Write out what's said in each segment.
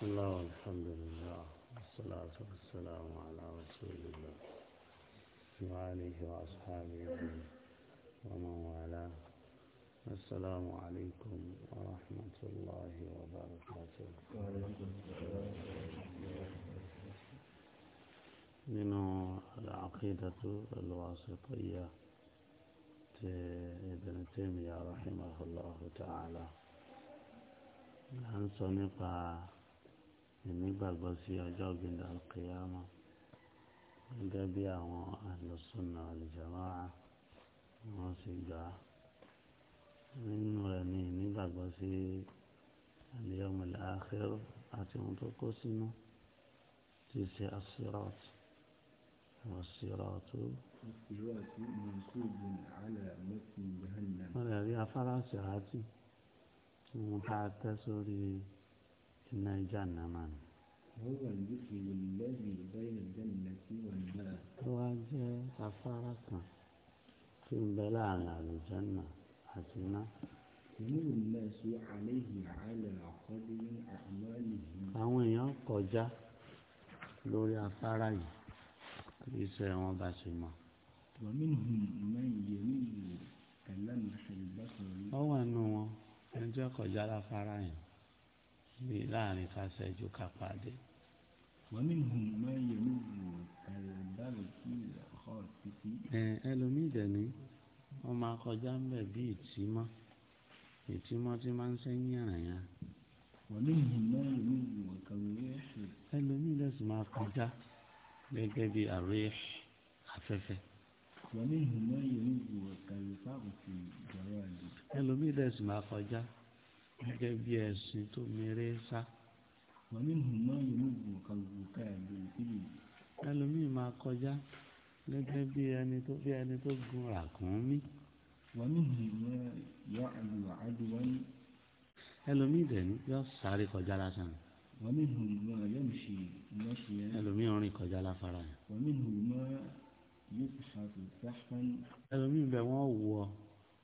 بسم الله والحمد لله والصلاة والسلام على رسول الله وآله وأصحابه ومن والاه السلام عليكم ورحمة الله وبركاته من العقيدة الواسطية ابن تيمية رحمه الله تعالى عن صنفها èmi gbàgbọ́ sí ọjọ́ gbẹ̀dẹ̀ alqiyama gẹ́gẹ́ bí àwọn àlùsùnà àlùjàmáà wọ́n sì gbà á nínú rẹ̀ ni ìnígbàgbọ́ sí al-yawmul akhir àti ohun tó kó sínú ti ṣe asirat wasiratu. wọ́n lè rí afárá sí àátì tí wọ́n bá tẹ́ sórí iná jàǹdàmà ni. tó wá jẹ́ afárá kan tí ń bẹ láàrin àlùjànnà àti iná. àwọn èèyàn kọjá lórí afárá yìí iṣẹ́ wọn bá ṣe mọ́. wọ́n wà nù wọn ẹni tí wọ́n kọjá láfárá yìí bí láàrin ká ṣẹ́jú ká pàdé. wọ́n ní hùn máa ń yẹ̀mú wò ẹ̀rọ̀dáàlù kí ọ̀ títí. ẹ ẹlòmíì dẹ̀ ni wọ́n máa kọjá ń bẹ̀ bí ìtìmọ́ ìtìmọ́ tí máa ń sẹ́yìn àyà. wọ́n ní hùn máa ń yẹ̀mú wò ẹlòmíì dẹ̀ sì máa kọjá gẹ́gẹ́ bí àrẹ afẹ́fẹ́. wọ́n ní hùn máa ń yẹ̀mú wò fáwọn ti ìjọba gẹ́gẹ́ bí ẹ̀sìn tó mèrè sá. wọ́n ní mọ̀ yìí ló gùn kan gùn ká ẹ̀gbẹ́ ìdílé. ẹlòmíì máa kọjá gẹ́gẹ́ bí ẹni tó bí ẹni tó gun ràkúnmí. wọ́n ní mọ̀ yọ àdùwà àdùwà ní. ẹlòmíì dẹ̀ ní yọ sáré kọjá lásán. wọ́n ní mọ̀ yọ mùsì mọ́sì yẹn. ẹlòmíì rìn kọjá láfara wọ́n ní mọ̀ yóò fi ṣàtúntà fún. ẹlòmíì bẹ̀ wọ́n wọ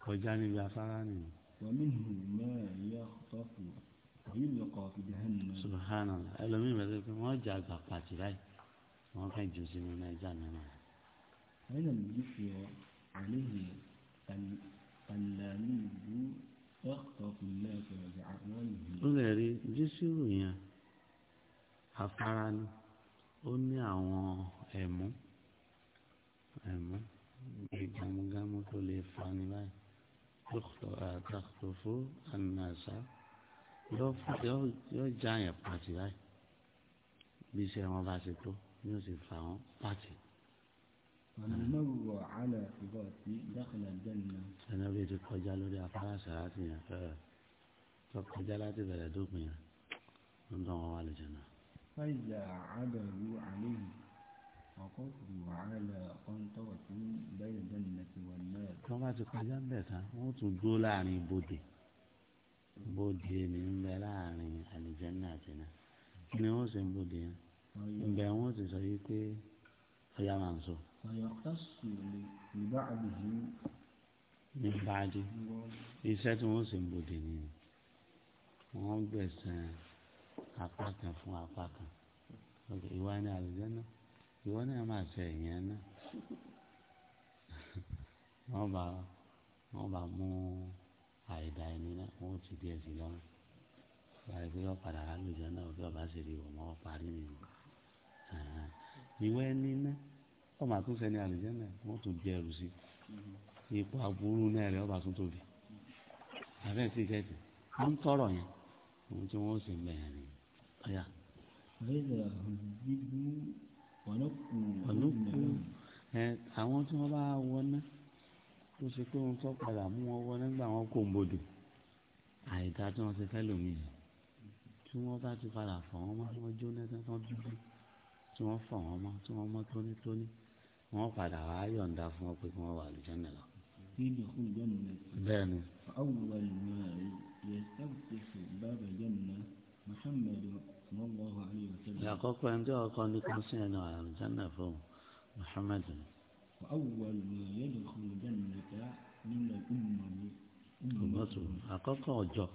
kọjá níbi afárá nìyẹn. ومنه ما يخطف ويلقى في جهنم سبحان الله ẹlòmíì bẹ̀rẹ̀ pé wọ́n jà àgbà pàtì báyìí wọ́n fẹ́ jù sínú nàìjíríà náà. هذا المجلس عليه اللامي يخطف الناس وجعلانه. ó lè rí jísírù yẹn afárá ni ó ní àwọn ẹ̀mú ẹ̀mú ìgbàmúgámú tó lè fa ni báyìí àtàkùfù ànàṣà yóò já yẹn pàtì báyìí bí iṣẹ́ wọn bá ṣe tó ni ó sì fà wọ́n pàtì. ẹnà bíi ti kọjá lórí afárá sàrátì yẹn fẹ́rẹ̀ tó kọjá láti bẹ̀rẹ̀ dópin yẹn ń dán wọn wá lè náà. fáìlà àdàlú àléhùn. وقفوا على قنطرة بين الجنة والنار wọ́n bá ti kọjá bẹ̀ tán wọ́n tún dúró láàrin ibodè ibodè ni ń bẹ láàrin àlìjẹ́nà àti náà kí ni wọ́n sì ń bodè yẹn ǹbẹ̀ wọ́n ti sọ yìí pé ọ̀yà máa ń sọ. ní báàdì iṣẹ́ tí wọ́n sì ń bodè nìyẹn wọ́n gbẹ̀sán apá kan fún apá kan ìwà ni àlìjẹ́nà ìwọ náà máa ṣe ìyẹn náà wọ́n bá wọ́n bá mú àìdá ẹni náà wọ́n ti di ẹ̀sìn lọ́rùn báyìí pé wọ́n padà lálùjọ náà bí ọba ṣe lè wọ̀ mọ́ parí mi o ìwọ ẹni náà wọ́n máa tún sẹ́ni àlùjọ náà wọ́n tún jẹ ẹrù sí ipò aburú náà rẹ̀ ọba tún tóbi àbẹ́ẹ̀ sì kẹ́tì wọ́n tọrọ yẹn ohun tí wọ́n sì ń bẹ̀yẹ̀ àwọn tí wọ́n bá wọná tó ṣe pé wọ́n tó padà mú wọn wọná gbà wọ́n kò ń bodò àìdá tí wọ́n ṣe fẹ́ lòmìn yìí tí wọ́n bá ti padà fọ̀ wọ́n mọ́ wọ́n jóná tán tán dúdú tí wọ́n fọ̀ wọ́n mọ́ tí wọ́n mọ́ tónítóní wọ́n padà wá yọ̀ǹda fún wọn pé kí wọ́n wà lùjánà lọ àkọ́kọ́ ẹni tí ọkọ ní kí wọ́n sìn ẹnu àlùjáná fún Muhammad. àkọ́kọ́ ọjọ́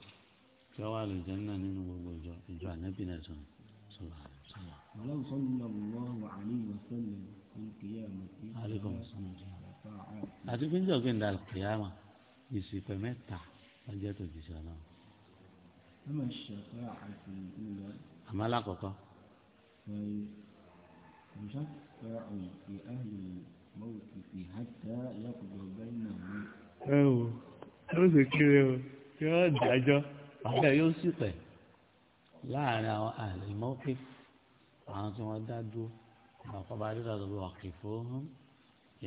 tí wọ́n wà lùjáná nínú gbogbo ọjọ́ ìjọ ànábì náà sọ̀rọ̀ sọ̀rọ̀ sọ̀rọ̀. ọlọ́run sọ́nà lọ́wọ́ àlíyàn sọ́nà olùkíyàmọ̀ tí. àríkọ̀ sọ́nà àti pé njọ́ gbẹ̀ndà kìyàmà ìsìnkú mẹ́ta ọjọ́ tó ti sọ náà àmọ́ alákọ̀ọ́kọ́. ẹ wò ó sì kiri o yóò dájọ́ ọ̀gá yóò sì pẹ̀ láàrin àwọn àlèmọ́kì àwọn tí wọ́n dá dúró àwọn kọ́ba adúlá tó bí wà kì fún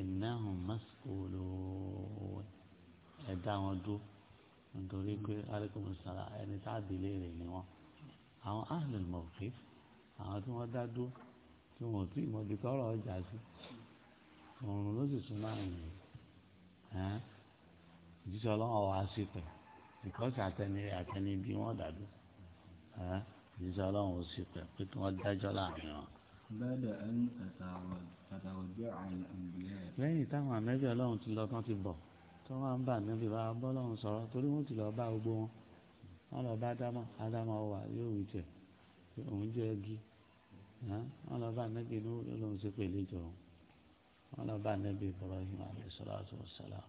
ìnáhùn mọ́sùkúlù ẹ̀dá wọn dúró nítorí pé alẹ́kùnrin sara ẹni tá a délé rẹ̀ ni wọ́n àwọn ahlul mawqif àwọn tí wọ́n dá dúró tí wọ́n ò tí ì mọbi tọ́rọ̀ ọjà sí ọ̀run ló sì tún máa ń yìí ẹ́ ìjísọ́ ọlọ́wọ́ wá sí pẹ̀ ìkọ́sí àtẹni àtẹni bí wọ́n dàdú ẹ́ ìjísọ́ ọlọ́wọ́ sí pẹ̀ pé kí wọ́n dájọ́ láàrin wọn. lẹ́yìn táwọn àmẹ́bí ọlọ́run ti lọ tán ti bọ̀ tí wọ́n bá àmẹ́bí bá bọ́ sọ̀rọ̀ torí wọ́n ti lọ bá gbogbo wọn wọ́n lọ bá ádámà ádámà wà yóò wí jẹ òun jẹ́ igi wọ́n lọ bá nẹ́bí inú yóò lóun ṣe pèlè jọ òun wọ́n lọ bá nẹ́bí Ibrahim alayhisalatu wasalam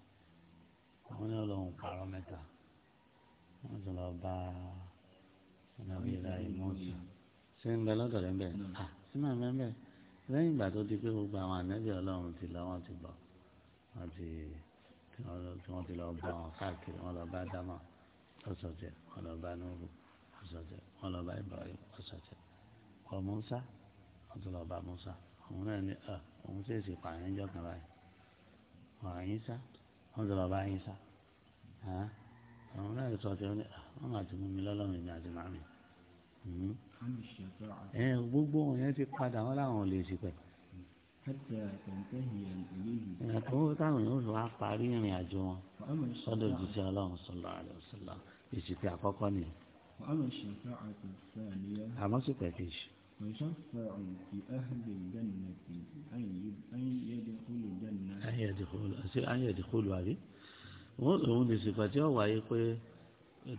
àwọn ní ọlọ́run pààrọ̀ mẹ́ta wọ́n tún lọ bá nàbí ìlàyé mọ́tò ṣé ń bẹ lọ́dọ̀ rẹ̀ ń bẹ̀ sí màá mẹ́ bẹ́ẹ̀ lẹ́yìn ìgbà tó di pé gbogbo àwọn ànẹ́bí ọlọ́run ti lọ wọ́n ti bọ̀ wọ́n ti wọ́n ti lọ bá wọn káàkiri wọ́n lọ bá dámọ̀ ọ̀sọ̀tẹ̀ wọn lọ bá nùrù ibrahim ọ̀sọ̀tẹ̀ kọ musa wọn musa ah, òun náà ní ọ òun sì sì pààyàn jọ kan báyìí wọn àyín sá ah, wọn tún náà sọ ti wọn ọ ah, wọn máa ti mú mi lọ́lọ́run ìgbà àti màmí. Hmm? gbogbo wọn yẹn ti padà wọn láwọn ò lè sì pẹ̀. Ẹ̀kọ́ táwọn yóò lọ parí ìrìn àjò wọn sọ́dọ̀ jùlọ Ọlọ́run sọ̀rọ̀ àlẹ́ òṣèlú ìṣìpẹ̀ àkọ́kọ́ nìyẹn. àmọ́ ṣìpẹ̀ kejì. ويشفع في أهل الجنة أن يدخل أن يدخل أن يدخل هذه wọ́n lè sèpà tí ó wáyé pé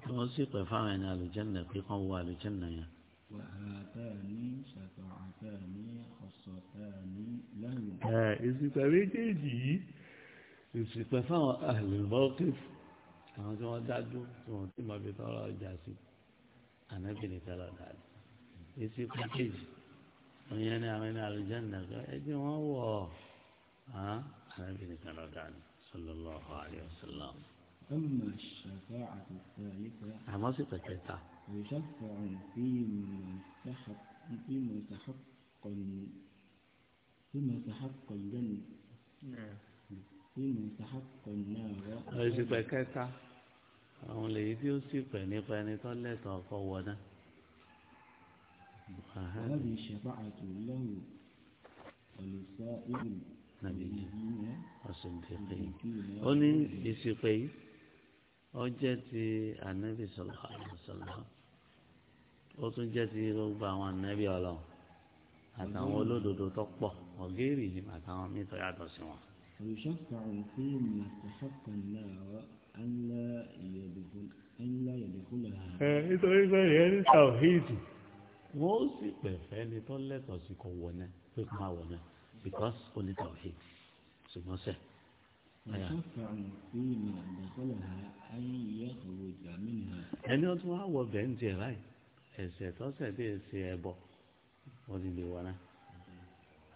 kí wọ́n sì pẹ̀ fáwọn ẹni àlùjẹ́nà pé kán wọ àlùjẹ́nà yẹn. ẹ ìsìnkà méjèèjì yìí ìsìnkà fáwọn àlùmọ́kì àwọn tí wọ́n dájú tí wọ́n ti máa fi tọrọ ọjà sí ànábìnrin tẹ́lọ̀ dájú èsì pàkéjì yẹn ni àwọn ẹni àlùjáde kan ẹjẹ wọn wọ hàn ànábìnrin tẹ́lọ̀ dájú ọ̀hún àlẹ́ wasallam. àmọ́ sí pẹ̀tẹ́ ta. فيما تحقق الجنة فيما تحقق النار. أجل بكتا àwọn lèyí tí ó sì pẹ̀ nípa ẹni tó lẹ́tọ̀ ọkọ̀ wọ náà. Àhábì ṣẹ̀fà àti lẹ́yìn ọ̀lẹ́sà ìlú nàbíyí ọ̀sìndìkì. Ó ní ìsìnkú yìí, ó jẹ́ ti ànábì sallallahu alaihi wasallam. Ó tún jẹ́ ti gbogbo àwọn ànábì ọlọ́run àtàwọn olódodo tó pọ̀ ọ̀gẹ́rì àtàwọn mítọ̀ yàtọ̀ sí wọn. Olùṣọ́fà òfin ni àtàkùn náà nítorí pé rẹ̀ ní tàwíìdì wọ́n ó sì pẹ̀fẹ́ ni tó lẹ́tọ̀ọ́ sí kọ wọ̀ náà pé kó máa wọ̀ náà because ó ní tàwíìdì ṣùgbọ́n sẹ́. ẹni ó tún wá wọ bẹ́ńtì ẹ̀ báyìí ẹ̀sẹ̀ tọ́sẹ̀ dé ṣe ẹbọ wọ́n ti lè wọ̀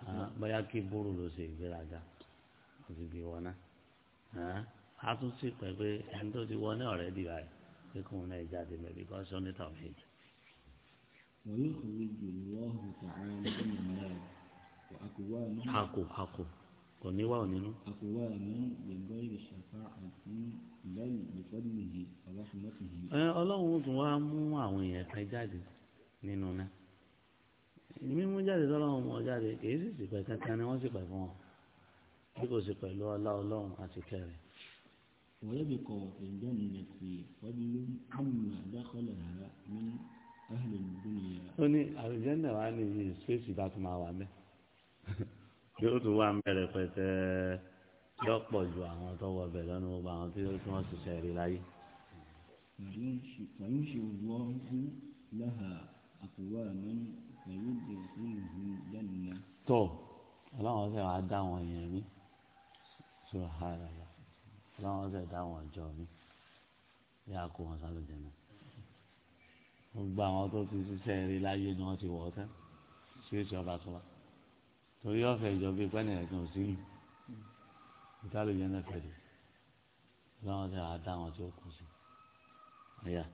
ah, bóyá kí bóró ló ṣe ìgbéraga wọ́n ti lè wọ̀ a tún sì pé ẹni tó ti wọ ní ọ̀rẹ́ dìbà yìí pé kóun náà jáde mẹ́ bí kọ́sọ́ ní tàwíìd. àkò àkò kò ní wà nínú. ọlọ́run tún wá mú àwọn èèyàn kan jáde nínú náà mímú jáde tọ́lọ́run mú jáde kì í sì sì pẹ̀ kankan ni wọ́n sì pẹ̀ fún ọ bí kò sí pẹ̀lú ọlá ọlọ́run àti kẹrin. ويبقى في الجنة فضل عما دخلها من أهل الدنيا أني الجنة وعني سويسي بات ما وعمل yóò tún wá mẹ́rẹ̀ pẹ̀tẹ́ yọ pọ̀ ju àwọn tó wọ bẹ̀ lọ́nu gbogbo àwọn tí wọ́n ti sẹ̀rí láyé. fàyín ṣe wọ́n kú láha àkùwà mẹ́rin pẹ̀lú ìdẹ̀kùnrin jẹ́nìyà. tó aláwọ̀ sẹ́wọ̀n á dá wọn yẹn mí sọ̀rọ̀ ara rẹ̀ ọlọ́run ọ̀sẹ̀ dáwọn ọjọ́ mi bí a kó wọn sálọ jẹ̀nà gbogbo àwọn tó ti ṣiṣẹ́ rí láyé ni wọ́n ti wọ̀ ọ́tẹ́ sí èsì ọba sọlá torí ọ̀fẹ́ ìjọba ìpẹ́ni ẹ̀kan òsì ní ìtàlù yẹn náà fẹ̀dẹ̀ ọlọ́run ọ̀sẹ̀ àdáwọn tí ó kù sí ẹ̀yà.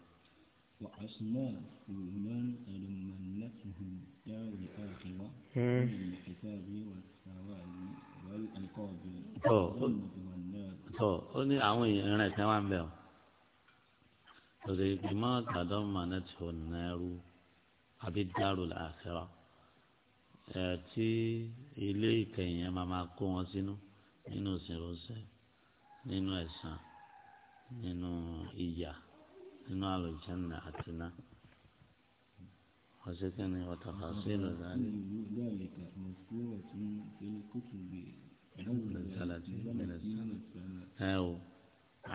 وأسماء من ألمنتهم دار الآخرة من الحساب والثواب والألقاب tọ̀ ó ní àwọn èèyàn rẹ̀ kan ń bẹ̀ ọ́ lórí ìgbìmọ̀ àtàdọ́ mọ̀nẹ́tì onírú àbí dárò làásẹ̀rọ tí ilé ìkẹyìn ẹ̀ kó wọn sínú nínú ìsìnrúnsẹ̀ nínú ẹ̀san nínú ìyà nínú àlùjànnà àti iná ọ̀sẹ̀kẹ́ni ọ̀tàkàṣe lọ́dọ̀ ẹ o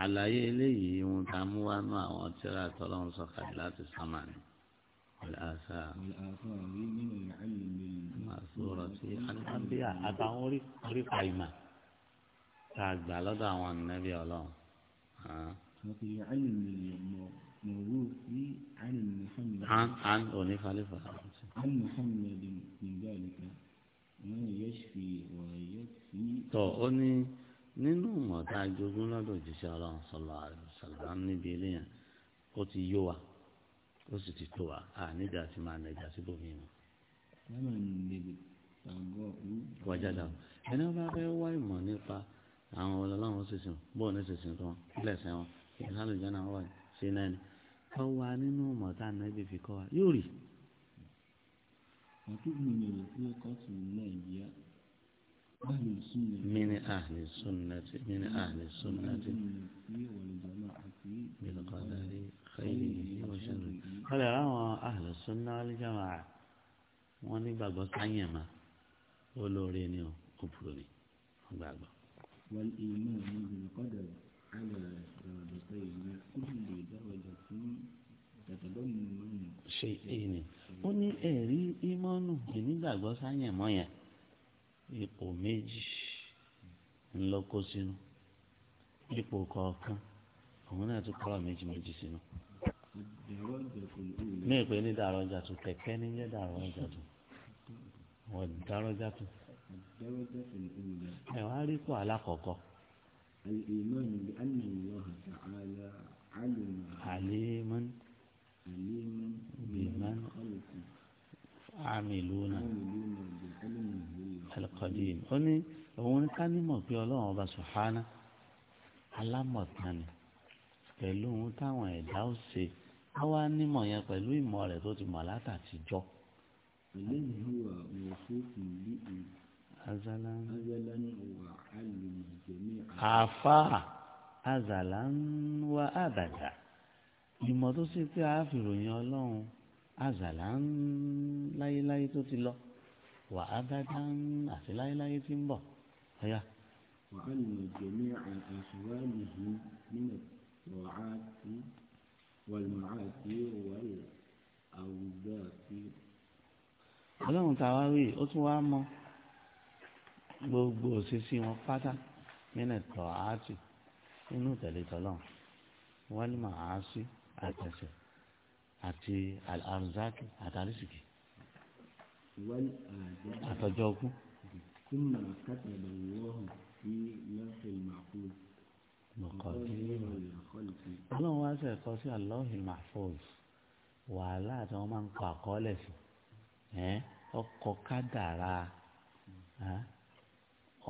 àlàyé eléyìí ohun tá a mú wá nú àwọn tíra tọ́lọ́run sọ̀kalẹ̀ láti sámánì àṣà àṣọrọ̀ tí anábíà àtàwọn orípa ìmà tá a gbà lọ́dọ̀ àwọn ànábì ọlọ́run. عن عن ونفعل عن محمد من tọ́ ó ní nínú mọ̀tá jogún lọ́dọ̀ òjíṣẹ́ ọlọ́run sọlọ àlùsàlám níbi eléyàn ó ti yó wa ó sì ti tó wa à nígbà tí máa nẹ̀jà síbòmí mu. wájàdà ẹni wọn bá fẹ́ wá ìmọ̀ nípa àwọn ọlọ́run sísìn bọ́ọ̀ ní sísìn tó wọn lẹ́sẹ̀ wọn ìsàlùjẹ́ náà wà sí náà ni kọ́ wa nínú mọ̀tá nẹ́bí fi kọ́ wa yóò rí وتؤمن بالفرقة الناجية أهل السنة من أهل السنة من أهل السنة والجماعة بالقدر خيره وشره قال روى أهل السنة والجماعة wọ́n ní gbàgbọ́ sáyẹ̀mà olóore ni ó kúpùrù ni wọ́n gbàgbọ́. wọ́n ìmọ̀ ní ìlú kọ́dà àlọ́ ìrọ̀lẹ́sẹ̀ ìlú kúlù lè dáwọ́ ìjọ fún ṣe ìní ó ní ẹ̀rí ìmọ̀nù ìnígbàgbọ́ sáyẹ̀mọ́ yẹn ipò méjì ńlọ sínú ipò kọ̀ọ̀kan òun náà tún méjì méjì sínú. ní ìpè ní ọjà tó kẹ̀kẹ́ ní jẹ́ dàrọ̀ tó wọ́n ẹ̀ wá rí kó alákọ̀ọ́kọ́. بمن عملون القديم ó ní òun ká nímọ̀ pé ọlọ́run ọba sùhánà alámọ̀tánì pẹ̀lú ohun táwọn ẹ̀dá ó ṣe á wá nímọ̀ yẹn pẹ̀lú ìmọ̀ rẹ̀ tó ti mọ̀ látàtijọ́. eléyìí wà wòṣókùn bí àbàdà ìmọ̀ tó sì pé a fi ròyìn ọlọ́run azàlá ń láyéláyé tó ti lọ wà á dáadáa ń àti láyéláyé ti ń bọ̀ ọ̀yà. وأن جميع أحواله من الطاعات والمعاصي والأوبات ọlọ́run tá wá rí ó tún wá mọ gbogbo òṣìṣẹ́ wọn pátá nínú ìtọ́ àátì nínú ìtẹ̀lẹ́tọ̀ lọ́hùn wọ́n ní màá sí àtẹ̀sẹ̀ àti àrùnzáàkì àtàrísìkì àtọjọ́ ọkú. ọlọ́run wá sí ẹ̀kọ́ sí alọ́hìn mahfouz wàhálà tí wọ́n máa ń kọ àkọọ́lẹ̀ sí ọkọ̀ kádàrá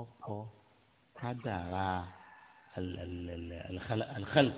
ọkọ̀ kádàrá alxalq.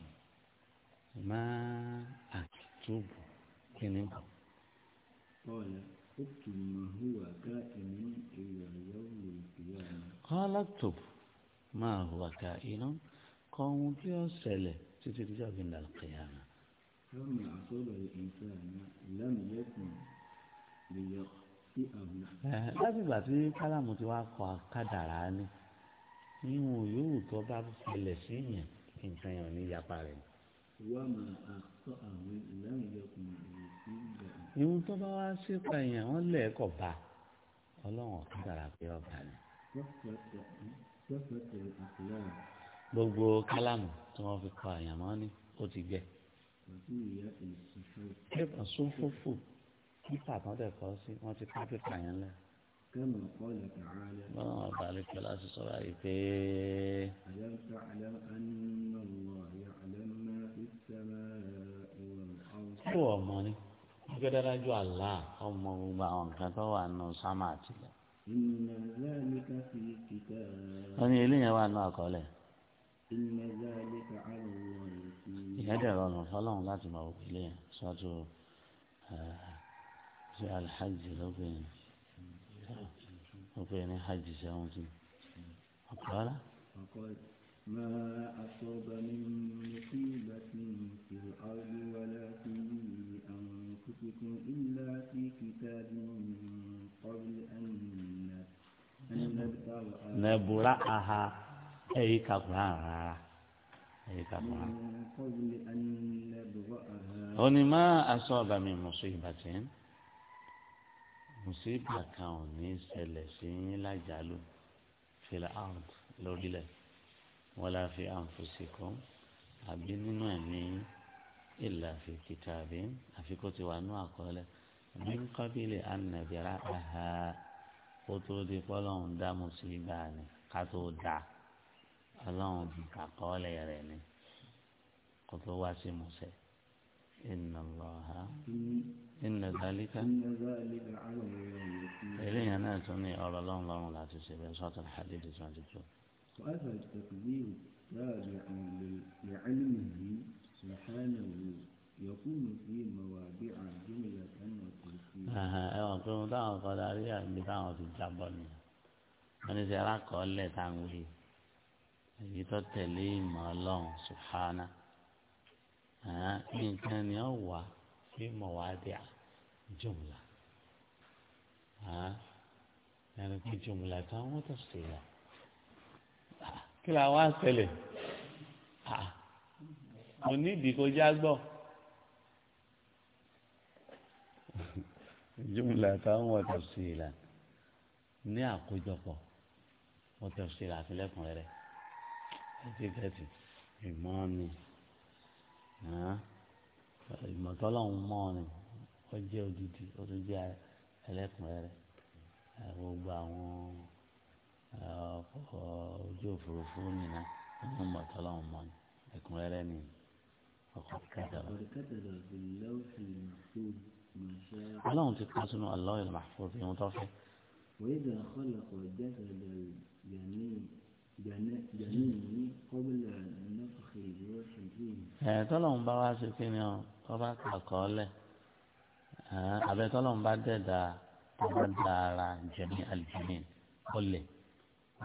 Ma, àkìtúbù kí ni bọ̀. kọ́lá tó máa hùwà ká iná kọ ohun tí ó ṣẹlẹ̀ títí tí jọ́gìn dàlù kìyàmà. láti ìgbà tí kálámù ti wá kọ kádàrá ni níwọ̀n yóò tó bá ṣẹlẹ̀ sí yẹn nǹkan yẹn ò ní yapa rẹ̀ ni ìhun tó bá wá sípa èèyàn wọn lẹ́ẹ̀kọ̀ bá ọlọ́run ọ̀kan dára pé ọba ni. gbogbo kálámù tí wọ́n fi kọ àyàn mọ́ ni ó ti gbẹ. pépà sófófò pípà kan dẹ̀ kọ́ sí wọ́n ti ká pípà yẹn bọ́lá wọn bá sọ̀rọ̀ àyè pé. àyà ń ta àyà ń ná lọ àlẹ́ náà kí wọ́n mọ̀ ni gẹ́gẹ́ dájú àlá ọmọ gbogbo àwọn nǹkan tó wà nù sámà àtìlẹ̀. wọ́n ní eléyàn wà nù àkọọ́lẹ̀. ìyá dẹ̀rọ ọ̀nà fọlọ́run láti máa wò ilé yẹn sọ́tò ṣe alhaji lóbìnrin obìnrin hajj seventeen ọ̀pọ̀ rárá. ما أصاب من مصيبة في الأرض ولا في أنفسكم إلا في كتاب من قبل أن نبرأها أي كقرآن رارا أي كقرآن من قبل أن نبرأها هنا ما أصاب من مصيبة مصيبة كوني سلسين لا جالو في الأرض لو wala fi anfusikum àbí nínú ẹ̀mí illa fi kitabin àfi kó ti wà nú àkọọ́lẹ̀ bí ń qabili an nabra'aha kó tó di pọ́lọ́hún dá mùsíbà ni ká tó dà ọlọ́hún àkọọ́lẹ̀ rẹ̀ ni kó tó wá sí mùsẹ̀ innallaha inna eléyàn náà tún ní ọ̀rọ̀ lọ́hún láti ṣe bẹ́ẹ̀ sọ́tàn hadith twenty two. وأثر التقدير راجع لعلمه سبحانه يكون في مواضع جملة وتركيب. أها أيوة كم تعرف قدرية بتعرف الجبل. أنا سأراك أقول لك عن وجهي. èyí tó tẹ̀lé ìmọ̀ ọlọ́run subhana nǹkan ni ó wà fí mọ̀wádìí jùmùlà ẹni pé jùmùlà táwọn tó ṣe lọ kí la wá ṣẹlẹ̀ mo ní ìdíkọjá gbọ́. jumla táwọn wọ̀tọ̀ sí i la ní àkójọpọ̀ wọ̀tọ̀ sí i la àti lẹ́kùnrin rẹ̀ ẹ ti gẹ̀ẹ́sì ìmọ̀ ni ìmọ̀tọ́lọ́hún mọ́ ni ó jẹ́ odidi ó tún jẹ́ ẹlẹ́kùnrin rẹ̀ gbogbo àwọn ojú òfurufú nìyẹn wọn mọ tọlọ́run mọ ni ẹ̀kúnrẹ́rẹ́ ni ọkọ kẹtàlá. Ọlọ́run ti kọ sínú aláwọ ìlú màfúrú fi wọn tọfẹ. wọ́n yóò dàn kọ́ lọ́kọ̀ jẹ́sẹ̀ lẹ́rù jẹ́ni ní kọ́bílẹ̀ nọ́ọ̀kì ìlú ṣèjì. ẹ tọ́lọ́run bá wá sí kí ni ọ tó bá kà kọ́ lẹ̀ bá dẹ̀ dáa tó jẹ̀mí àlùjẹ̀mí ọ̀lẹ̀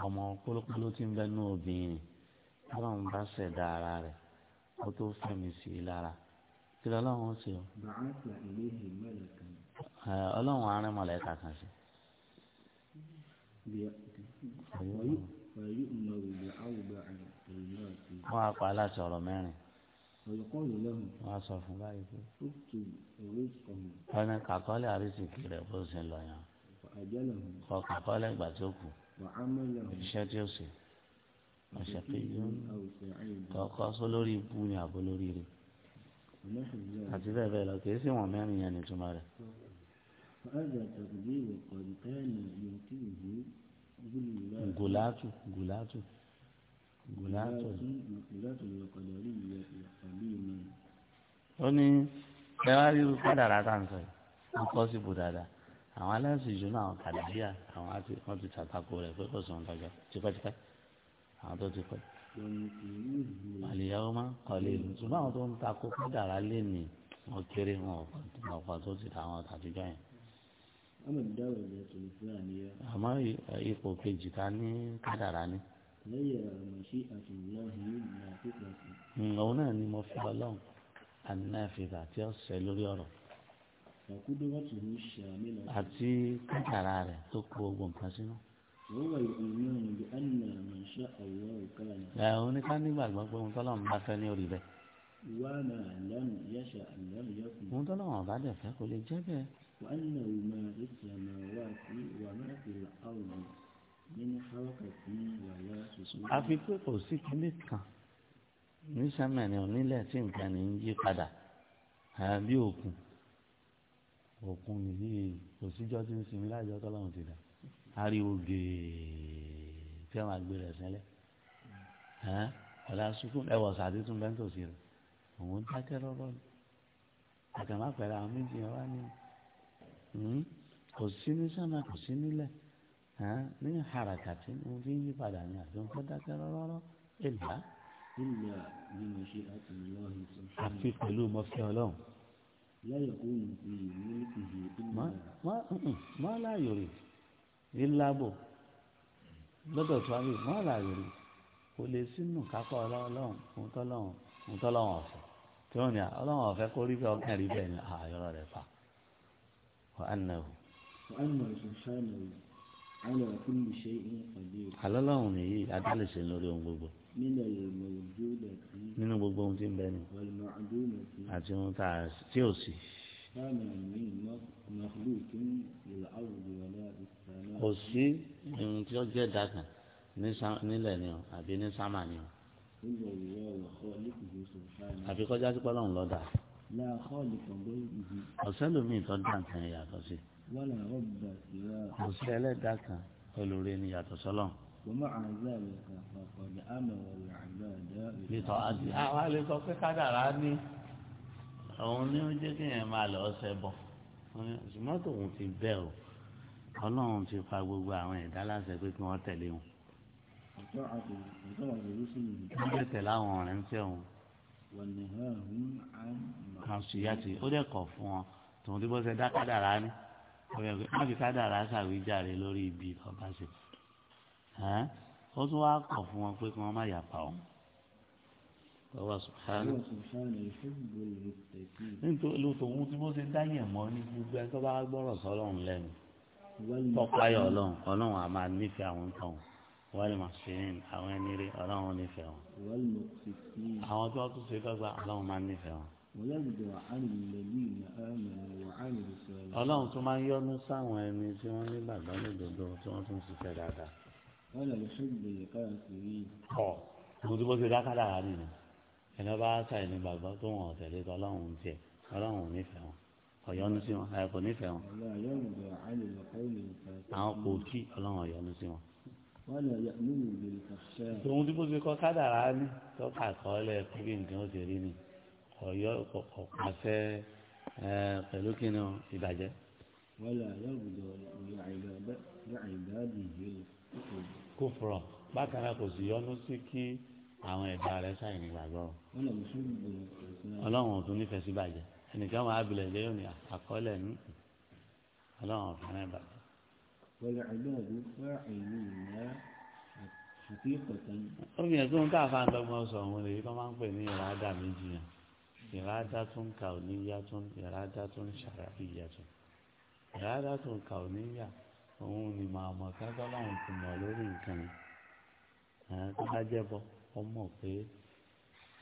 ọmọ kólókóló tí ń bẹ nú obìnrin ọlọ́run bá ṣẹ̀dá ara rẹ̀ ó tó fẹ̀mí sí i lára kí ló ọlọ́run ó ṣe o. ọlọ́run arìn mọ̀lẹ́ka kan sí. wọ́n á pa aláṣẹ ọ̀rọ̀ mẹ́rin. wọ́n á sọ fún báyìí pé. ọ̀nà kàkọ́lẹ̀ àrísìkì rẹ̀ bó ṣe lọ yàn. kọ̀ kàkọ́lẹ̀ ìgbà tó kù iṣẹ́ tí ó ṣe àṣàkéyọ́ kọ̀ọ̀kan sọ lórí ibú ni àbọ̀ lórí rẹ̀ àti bẹ́ẹ̀ bẹ́ẹ̀ lọ kìí sí wọn mẹ́rin yẹn nìtumọ̀ rẹ̀. gùlátù gùlátù gùlátù ó ní ẹ wá rí padà rà tá yìí ó kọ́ sí bù dáadáa àwọn aláìsàn ìjọ náà kàdàbíà àwọn àti wọn ti tàtàkò rẹ pé kò sọ̀rọ̀ dájọ́ tipẹ́tipẹ́ àwọn tó ti pẹ́. àlìyáwó máa ń kọ́lé ìlú ṣùgbọ́n àwọn tó ń takò kádàrá lé ní wọn kéré wọn ọ̀pá tó ti ta àwọn àtijọ́ yẹn. àmọ́ ipò kejì ká ní kádàrá ni. òun náà ni mo fi ọlọ́run àná ìfìgbà tí ó sẹ́ lórí ọ̀rọ̀ àti kádàrá rẹ̀ tó kó gbogbo nǹkan sínú. ẹ̀hún ní ká nígbàgbọ́ pé ohun tọ́lọ́run bá fẹ́ ní orí bẹ́ẹ̀. ohun tọ́lọ́run ọ̀bá dẹ̀ fẹ́ kò lè jẹ́ bẹ́ẹ̀. àfi pé kò sí kíní kan ní sẹ́mẹ̀nì onílẹ̀ tí nǹkan ní ń yí padà àbí òkun òkun nìyí kò síjọ́ tí ń sinmi láìjọ́ tọ́lọ́run ti dà ariwo gèè tí wọ́n máa gbé rẹ̀ sẹ́lẹ̀ ọ̀la sukùn ẹ̀wọ̀ sàdé tún bẹ́ẹ̀ tòsí rẹ̀ òun dákẹ́ lọ́rọ́ ni àtàmà pẹ̀lú àwọn méjì yẹn wá ní hmm, kò sí ní sánà kò sí nílẹ̀ ní harakati ní wọ́n fi ń yí padà ní àjọ ń fẹ́ dákẹ́ lọ́rọ́ èlà. àfi pẹ̀lú mọ́fẹ́ ọlọ́run má láàyò rè ńlábò lọ́dọ̀ tó a lè má láàyò rè kò lè sínú kápá ọlọ́run fún tọ́lọ́run fún tọ́lọ́run ọ̀fẹ́ tí wọ́n ní ọlọ́run ọ̀fẹ́ kó rí bẹ́ẹ̀ ọkàn rí bẹ́ẹ̀ ní àyọ̀rọ̀ rẹ̀ pa ọ̀hánàwó. alọ́lọ́run nìyí adálẹ̀ṣẹ̀ lórí ohun gbogbo nínú gbogbo ohun tí ń bẹ ni àti ohun tá a tí ò sí. kò sí ohun tí ó jẹ́ dàkàn nílẹ̀ ni o àbí ní sámà ni o. àfi kọjá sí pọ́lọ́hún lọ́dà. ọ̀sẹ́ lómi ìtọ́ dàkàn yàtọ̀ sí. kò sí ẹlẹ́dàá kan olórí ni yàtọ̀ sọ́lọ́hún. ومع ذلك فقد أمر العباد بطاعة àwọn àlekọ pé kádàrá ní òun ni ó jẹ́ kí èèyàn máa lọ ọsẹ bọ̀ ṣùgbọ́n tòun ti bẹ́ o ọlọ́run ti fa gbogbo àwọn ẹ̀dá láṣẹ pé kí wọ́n tẹ̀lé wọn. wọ́n lè tẹ̀lé àwọn ọ̀rẹ́ ń tẹ̀ wọn. kan sì yá ti ó dẹ́kọ̀ fún wọn tòun ti bọ́ dá kádàrá ní. wọ́n fi kádàrá ṣàwíjàre lórí ibi ọba ṣe ó tún wá kọ̀ fún wọn pé kí wọ́n má yàpá òun lọ́wọ́ sùpàánù. nítorí tòun tí mo ṣe dáyẹ̀ mọ́ ní gbogbo ẹ tó bá gbọ́rọ̀ sọ́lọ́run lẹ́nu tọ́páyọ̀ ọlọ́run ọlọ́run a máa nífẹ̀ẹ́ àwọn nǹkan wọ́n lè máa ṣe ní àwọn ẹni rí ọlọ́run nífẹ̀ẹ́ wọn. àwọn tí wọ́n tún ṣe dọ́gba ọlọ́run máa nífẹ̀ẹ́ wọn. ọlọ́run tún máa ń yọ́nú sáwọn ẹni tí wọ́n nígbàgbọ́ lódodo tí wọ́n tún ṣiṣẹ́ dáadáa wọ́n lè fi gbèrè káyọ̀ dákàdá rà nìyẹn ẹni bá ṣàì ní gbàgbọ́ tó wọn ọ̀tẹ̀lẹ́ tó ọlọ́run tiẹ̀ ọlọ́run nífẹ̀ẹ́ wọn ọ̀yọ́nu sí wọn ẹ̀ nífẹ̀ẹ́ wọn. àwọn kò kí ọlọ́run ọ̀yọ́nu sí wọn. tòun tí mo ti kọ́ kádàrá ní tọ́ka àkọọ́lẹ̀ pípé nǹkan ó ti rí ni ọ̀yọ́ ọ̀pàṣẹ pẹ̀lú kí ìbàjẹ́. wọ́n lè àyọ̀ kófòrò bákan náà kò sì yọnu sí kí àwọn ẹ̀dá rẹ̀ sáyìn nígbàgbọ́ ọlọ́run ọ̀tún nífẹ̀ẹ́ sí bàjẹ́ ẹnìkan máa bilẹ̀ lẹ́yìn ní àkọọ́lẹ̀ ní ọlọ́run ọ̀tún náà bàjẹ́. wọlé àgbẹ̀wò fún àìní ìlà àti ìkọ̀tàn. ó fi hàn pé ohun tá a fa àdọ́gbọ́n sọ òun lèyí tó máa ń pè ní ìràdà méjì yẹn ìràdà tó ń kà òníyà tó ń ìràdà tó ń ṣàrà ìyà tó ìràdà tó ń kà òníyà òun ni màá mọ̀ kájọ́ lọ́hùn ti mọ̀ lórí nǹkan yìí àwọn tó bá jẹ́bọ ó mọ̀ pé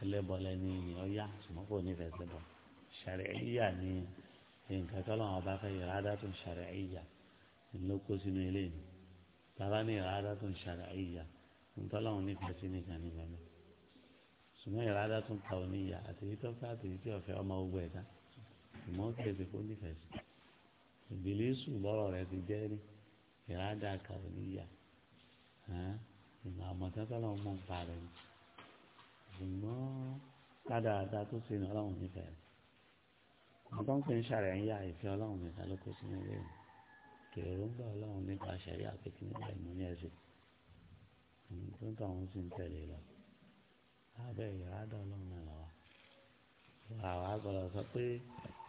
ẹlẹ́bọ lẹ́ni ìyẹn ọ̀yá ṣùgbọ́n kò nífẹ̀ẹ́ sẹ́bọ ṣàríyà ni nǹkan tó lọ́hùn ọba fẹ́ ìrádá tó ń ṣàríyà ló kó sínú ilé mi bàbá ní ìrádá tó ń ṣàríyà nǹkan lọ́hùn nífẹ̀ẹ́ sí nìkan ní mẹ́mẹ́ ṣùgbọ́n ìrádá tó ń ta oníyà àtèyí tó fẹ́ àtèyí tí ọ̀fẹ́ ọmọ gbogbo ẹ̀dá ṣùgbọ́n kí ìrádà kan ò ní yà ìmọ̀ àmọ̀tán tọ́lọ̀ mọ̀ ń parẹ́ ni ṣùgbọ́n ládàáda tó ṣe ní ọlọ́run nífẹ̀ẹ́ rẹ̀ wọ́n tó ń pè ń ṣàrẹ̀ ń yà ìfẹ́ ọlọ́run níta ló kó sínú ilé rẹ̀ kèrè ọlọ́run nípa ṣẹ̀rí àpèkí nípa ìmọ̀ ní ẹ̀sìn tó ń tọ́ àwọn sì ń tẹ̀lé lọ lábẹ́ ìrádà ọlọ́run náà lọ́wọ́ àwa gbọ́dọ̀ sọ pé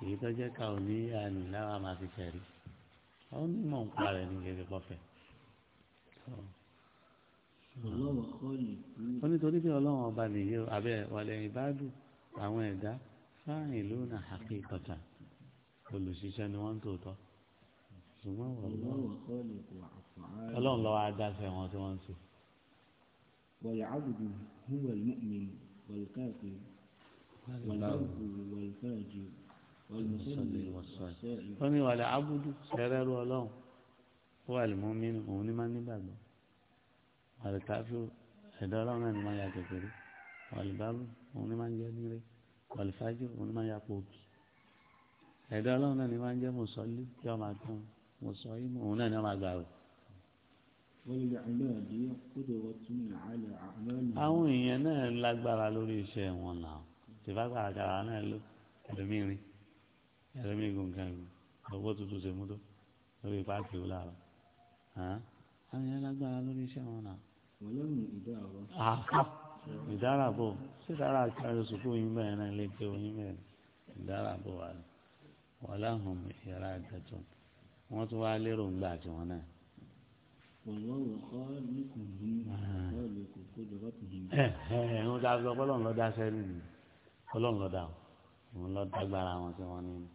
èyí tó jẹ́ ká ò ní àná máa fi ṣẹ̀rí àwọn onímọ̀ ń parẹ́ ní gẹ́gẹ́ kọfẹ́. wọ́n nítorí pé ọlọ́run ọba nìyí abẹ́ wàlẹ̀ ìbádùn àwọn ẹ̀dá fáàrin ló na àkè kọta olùṣiṣẹ́ ni wọ́n ń tòótọ́ ṣùgbọ́n ọlọ́run lọ́wọ́ adáṣẹ́ wọn tí wọ́n ń ṣe. والعبد هو المؤمن والكافر والمرء والفاجر wọ́n ní wàlẹ̀ abudu sẹ́rẹ́rú ọlọ́run ó wà lè mọ́ mínú òun ní máa nígbàgbọ́ wàlẹ̀ káfíò ẹ̀dọ́ ọlọ́run náà ní máa ya kékeré wàlẹ̀ bábú òun ní máa ń jẹ́ nílé wàlẹ̀ fájú òun ní máa ya pòkì ẹ̀dọ́ ọlọ́run náà ní máa ń jẹ́ mùsọ́lí kí ọmọ akán mùsọ́lí òun náà ní ọmọ àgbà rẹ̀. àwọn èèyàn náà lágbára lórí iṣẹ́ wọn náà tìbá gbàràgàrà náà ló ẹlòmíràn ẹlẹ́mìí gùn kan gùn ọwọ́ tuntun ṣe mú tó lórí páàkì ó lára àwọn yẹn lágbára lórí iṣẹ́ wọn náà. wọ́n yóò mú ìdáàbò. ìdáàbò sídára àkàrà sùkúù yín bẹ́ẹ̀ náà lè pé oyin bẹ́ẹ̀ ìdáàbò wà ní wọ́n láhùn ìyára àjẹtọ̀ wọ́n tún wá lérò ńgbà tiwọn náà. wọ́n ta sọ pé ọlọ́run lọ́ọ́ dá sẹ́yìn ọlọ́run lọ́ọ́ dá wọn lọ́ọ́ dágbára wọn sí wọn nínú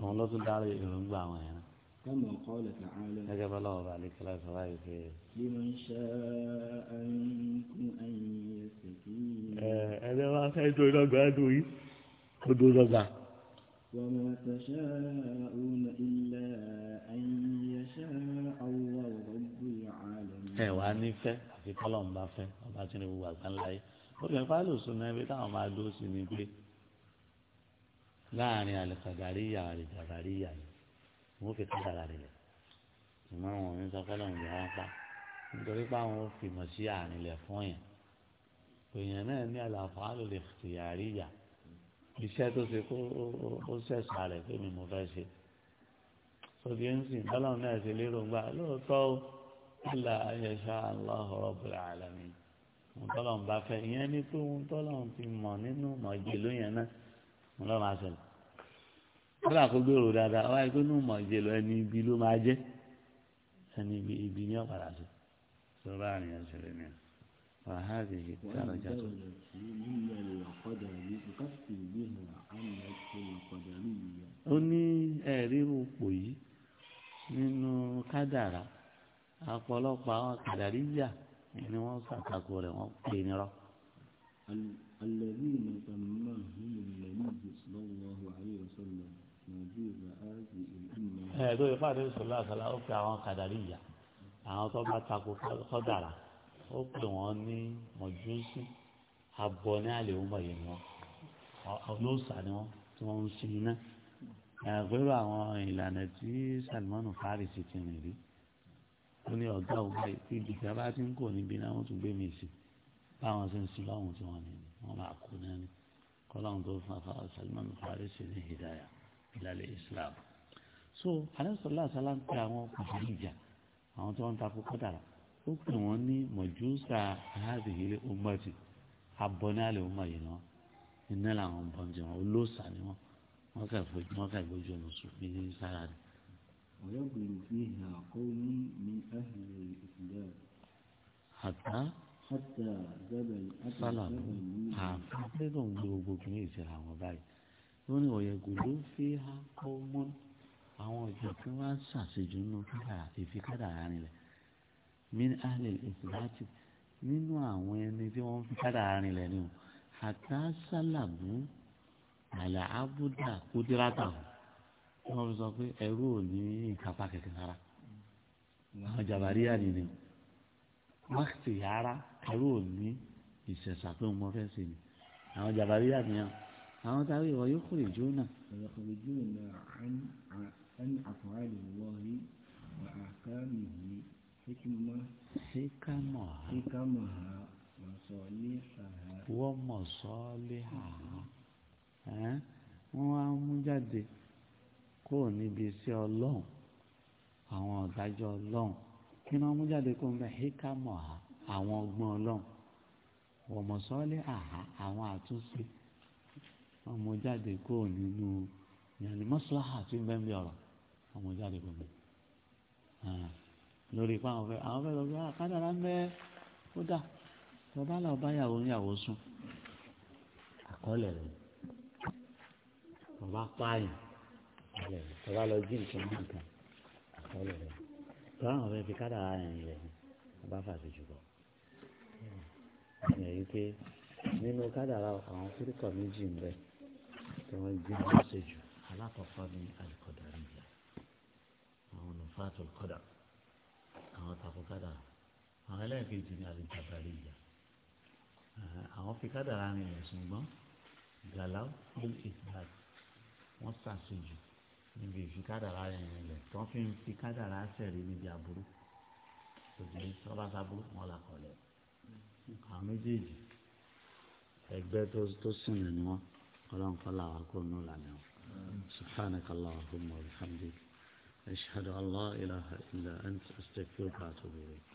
àwọn lọ́tún dárí ìrònúgbà àwọn yẹn. كما قال تعالى نجب الله عليك لا سواي في لمن شاء منكم أن يستقيم أنا ما أخذت إلى قادوي قدوس الله وما تشاءون إلا أن يشاء الله رب العالمين ẹ wàá nífẹ̀ẹ́ àfi kọ́lọ́ọ̀ ń bá fẹ́ ọba tí ní gbogbo àgbáńlá yìí ó fẹ́ fáálù sùn náà ibi táwọn máa dúró لا أنا قالك غارية غارية غارية مو في كذا غارية ما هو من سكان المدينة نقولي بعمر في مسيا يعني لفوني وينا نيا الأفعال الاختيارية بشرط سكو سكس على في مفاسد فبين سين هلا ناس اللي رم بعلو تو إلا أن يشاء الله رب العالمين ntọlọmba fẹ ìyẹn ní tó ń tọlọm ti mọ nínú mọ ìgbèlú yẹn náà ńlọmọ àṣẹlẹ wọn là kó gbèrò dáadáa ọba ìpín nù mọ̀ ẹni ibi ló máa jẹ́ ẹni ibi ibi ní ọ̀padà sí sọ́ba àníyàn ṣẹlẹ̀ ní wàhálì ìtàrà jàdó. ó ní ẹ̀rí òpò yìí nínú kádàrá ọ̀pọ̀lọpọ̀ àwọn kádàrí yà ni wọ́n rẹ̀ wọ́n pè ní ẹ tó ifá àdébí sọlá àsálà ó pe àwọn kàdàrí ìyá àwọn tó bá takò kọdàrà ó pè wọn ní mọjúsí abọ ní àlè ọmọ yẹn ni wọn ọlọ́sà ni wọn tí wọn ń sin iná àgbérò àwọn ìlànà tí Salmanu Farisi ti rìn rí ó ní ọgá òun báyìí tí ìdìgbà bá ti ń kò níbi náà wọn tún gbé mi sí báwọn ṣe ń sin lọ́hùn tí wọ́n ní wọn máa kú náà ni kọ́láhùn tó fa Salmanu Farisi ní hidaya ìlàlẹ̀ islam so alẹ́sọ̀lá àṣálà ń pe àwọn kòtòlù ìjà àwọn tó ń takò kọ́dàrà ó pè wọ́n ní mọ̀júsà aláàbìyílẹ̀ ọmọdé abọ́nálẹ̀ ọmọdé náà iná làwọn bọ́n jẹ wọn olóòsà ni wọn wọn kà fojú wọn kà gbójú ọmọ sùn ní sára ni. ويغلو فيها قوم من أهل الإسلام حتى حتى جبل أتى جبل àfẹ́dùn gbogbo kìíní ìṣẹ̀lẹ̀ àwọn báyìí ó ní ọ̀yẹ̀gùn ló fi hàn kọ́ mọ́ àwọn ọ̀jọ̀ tí wọ́n á ṣàṣejù nínú kádàrà ìfi kádàrà nílẹ̀ min ahlil ìsìláàtì nínú àwọn ẹni tí wọ́n fi kádàrà nílẹ̀ ni o àtà sálàbù àlà ábúdà kúdírátà o wọ́n fi sọ pé ẹrú ò ní ìkápá kẹ̀kẹ́ rárá àwọn jàbáríyà nìyí o wákìtì yàrá ẹrú ò ní ìṣẹ̀ṣà pé mo fẹ́ sè ni àwọn jàbáríyà nìyẹn àwọn táwọn ìwọ yóò kúrò ìjó náà. ọ̀rọ̀ kò lè jóun náà án àfọ̀hálì wọ̀nyí wà á ká mi yìí hikima. hikama. hikama ha mọ̀sọ́lé ha. wọ́n mọ̀sọ́lé ha wọ́n wá mú jáde kúrò níbi iṣẹ́ ọlọ́run àwọn ọ̀dájọ́ ọlọ́run kí wọ́n mú jáde kó ń bẹ híkàmọ̀ àwọn ọgbọ́n ọlọ́run wọ̀mọ̀sọ́lé àhá àwọn àtúnṣe wọn mú jáde kó nínú ìyànní mọ́sálásá tí ń bẹ́ẹ̀ bí ọ̀rọ̀ wọn mú jáde kó mi lórí ipa àwọn fẹ́ àwọn fẹ́ lọ bí ah, kádàrá ń bẹ́ ó dà bàbá làwọn bá yàwó ń yàwó sùn àkọọ́lẹ̀ rẹ̀ bàbá pààyàn àkọọ́lẹ̀ rẹ̀ bàbá lọ jí nǹkan mọ́ nǹkan àkọọ́lẹ̀ rẹ̀ tó àwọn fẹ́ fi kádàrá rẹ̀ rẹ̀ bàbá fàṣẹ jùlọ ẹ̀yìn pé nínú kádàrá àwọn kúrúkọ méjì ń bẹ́ẹ̀ tí wọ́n gbé wọn ṣe jù alákọ̀ọ́kọ́ ní àlùkọ́dà nìyà àwọn onífàtò kọ́dà àwọn takọ̀kọ́dà àwọn ẹlẹ́ẹ̀kejì ní àlùkọ́dà nìyà àwọn fi kádà ara rìn ẹ̀sùn gbọ́n gàláwó fún ìsìláàt wọ́n ṣàṣejù níbi ìfikádà ara rìn rìnlẹ̀ tí wọ́n fi ń fi kádà ara sẹ̀rí níbi àbúrú òjì sọ́ba sábúrú wọn là kọ̀lẹ̀ àwọn méjèèjì ẹgbẹ́ tó sìn ní wọn. فلان فلا أكون نولا سبحانك اللهم وبحمدك أشهد أن لا إله إلا أنت أستغفرك وأتوب إليك